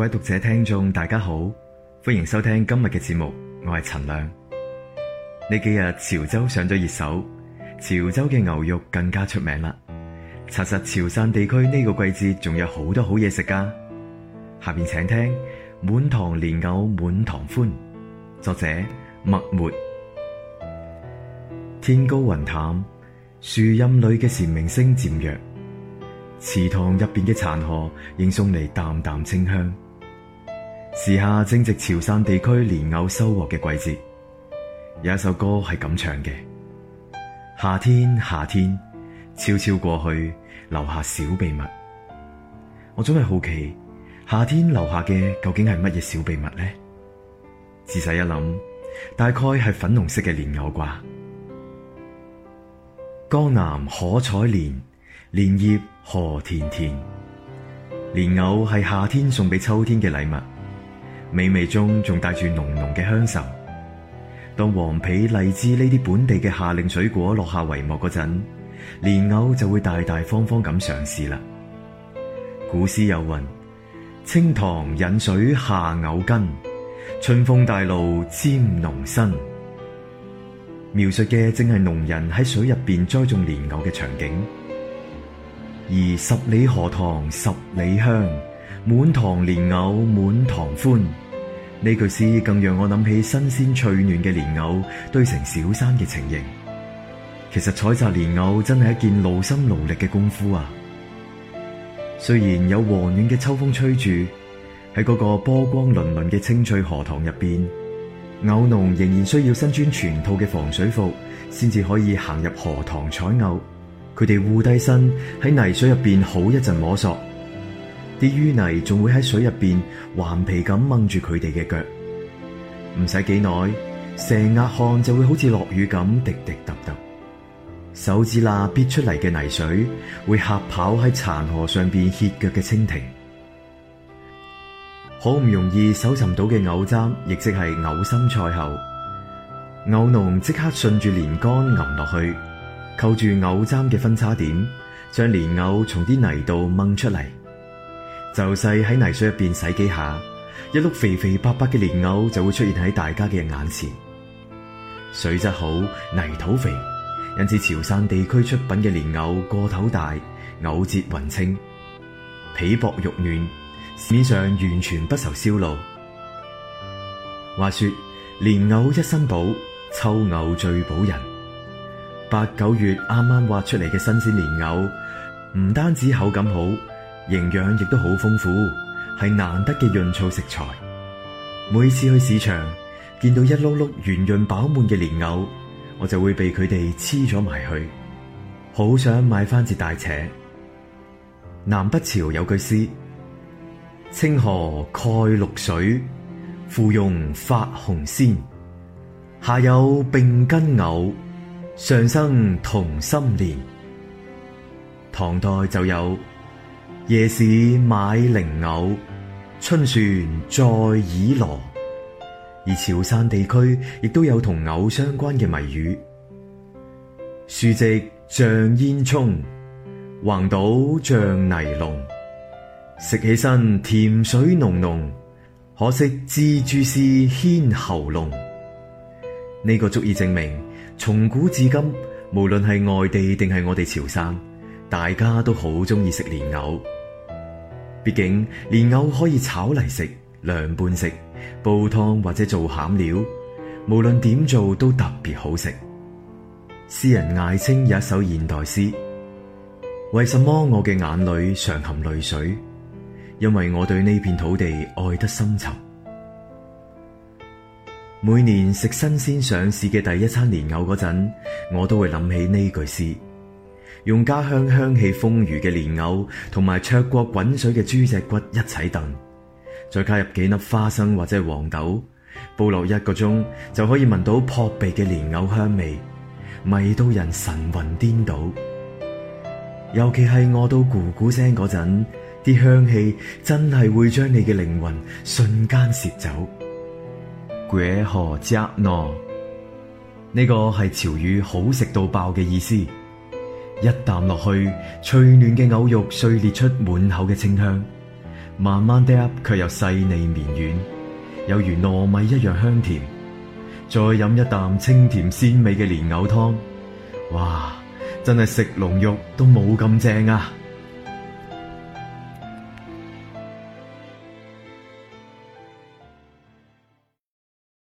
各位讀者、聽眾，大家好，歡迎收聽今日嘅節目，我係陳亮。呢幾日潮州上咗熱搜，潮州嘅牛肉更加出名啦。查實潮汕地區呢個季節仲有好多好嘢食噶、啊。下面請聽《滿塘蓮藕滿塘歡》，作者墨末。天高雲淡，樹蔭裏嘅蟬鳴聲漸弱，池塘入邊嘅殘荷仍送嚟淡淡清香。時下正值潮汕地區蓮藕收穫嘅季節，有一首歌係咁唱嘅：夏天，夏天，悄悄過去，留下小秘密。我總係好奇，夏天留下嘅究竟係乜嘢小秘密呢？仔細一諗，大概係粉紅色嘅蓮藕啩。江南可採蓮，蓮葉何田田，蓮藕係夏天送俾秋天嘅禮物。美味中仲帶住濃濃嘅鄉愁。當黃皮、荔枝呢啲本地嘅夏令水果落下帷幕嗰陣，蓮藕就會大大方方咁上市啦。古詩有云：清塘引水下藕根，春風帶露沾儂身。描述嘅正係農人喺水入邊栽種蓮藕嘅場景。而十里荷塘十里香。滿塘蓮藕滿塘歡，呢句詩更讓我諗起新鮮脆嫩嘅蓮藕堆成小山嘅情形。其實採摘蓮藕真係一件勞心勞力嘅功夫啊！雖然有和暖嘅秋風吹住，喺嗰個波光粼粼嘅青翠荷塘入邊，藕農仍然需要身穿全套嘅防水服，先至可以行入荷塘採藕。佢哋護低身喺泥水入邊好一陣摸索。啲淤泥仲會喺水入邊頑皮咁掹住佢哋嘅腳，唔使幾耐，成額汗就會好似落雨咁滴滴答答。手指罅憋出嚟嘅泥水會嚇跑喺殘荷上邊歇腳嘅蜻蜓。好唔容易搜尋到嘅藕簪，亦即係藕心菜後，藕農即刻順住蓮杆揞落去，扣住藕簪嘅分叉點，將蓮藕從啲泥度掹出嚟。就細喺泥水入邊洗幾下，一碌肥肥白白嘅蓮藕就會出現喺大家嘅眼前。水質好，泥土肥，因此潮汕地區出品嘅蓮藕個頭大，藕節勻稱，皮薄肉嫩，市面上完全不愁銷路。話說，蓮藕一身寶，秋藕最補人。八九月啱啱挖出嚟嘅新鮮蓮藕，唔單止口感好。營養亦都好豐富，係難得嘅潤燥食材。每次去市場，見到一碌碌圓潤飽滿嘅蓮藕，我就會被佢哋黐咗埋去，好想買翻隻大扯。南北朝有句詩：青荷蓋淥水，芙蓉發紅鮮。下有並根藕，上生同心蓮。唐代就有。夜市賣菱藕，春船載綺羅。而潮汕地區亦都有同藕相關嘅謎語：豎直像煙囪，橫倒像泥龍。食起身甜水濃濃，可惜蜘蛛絲牽喉嚨。呢、這個足以證明，從古至今，無論係外地定係我哋潮汕，大家都好中意食蓮藕。畢竟蓮藕可以炒嚟食、涼拌食、煲湯或者做餡料，無論點做都特別好食。詩人艾青有一首現代詩：為什麼我嘅眼裏常含淚水？因為我對呢片土地愛得深沉。每年食新鮮上市嘅第一餐蓮藕嗰陣，我都會諗起呢句詩。用家鄉香氣豐腴嘅蓮藕，同埋焯過滾水嘅豬脊骨一齊燉，再加入幾粒花生或者黃豆，煲落一個鐘就可以聞到撲鼻嘅蓮藕香味，迷到人神魂顛倒。尤其係餓到咕咕聲嗰陣，啲香氣真係會將你嘅靈魂瞬間攝走。鬼何 e h 呢個係潮語好食到爆嘅意思。一啖落去，脆嫩嘅藕肉碎裂出滿口嘅清香，慢慢嗒，卻又細膩綿軟，有如糯米一樣香甜。再飲一啖清甜鮮美嘅蓮藕湯，哇！真係食龍肉都冇咁正啊！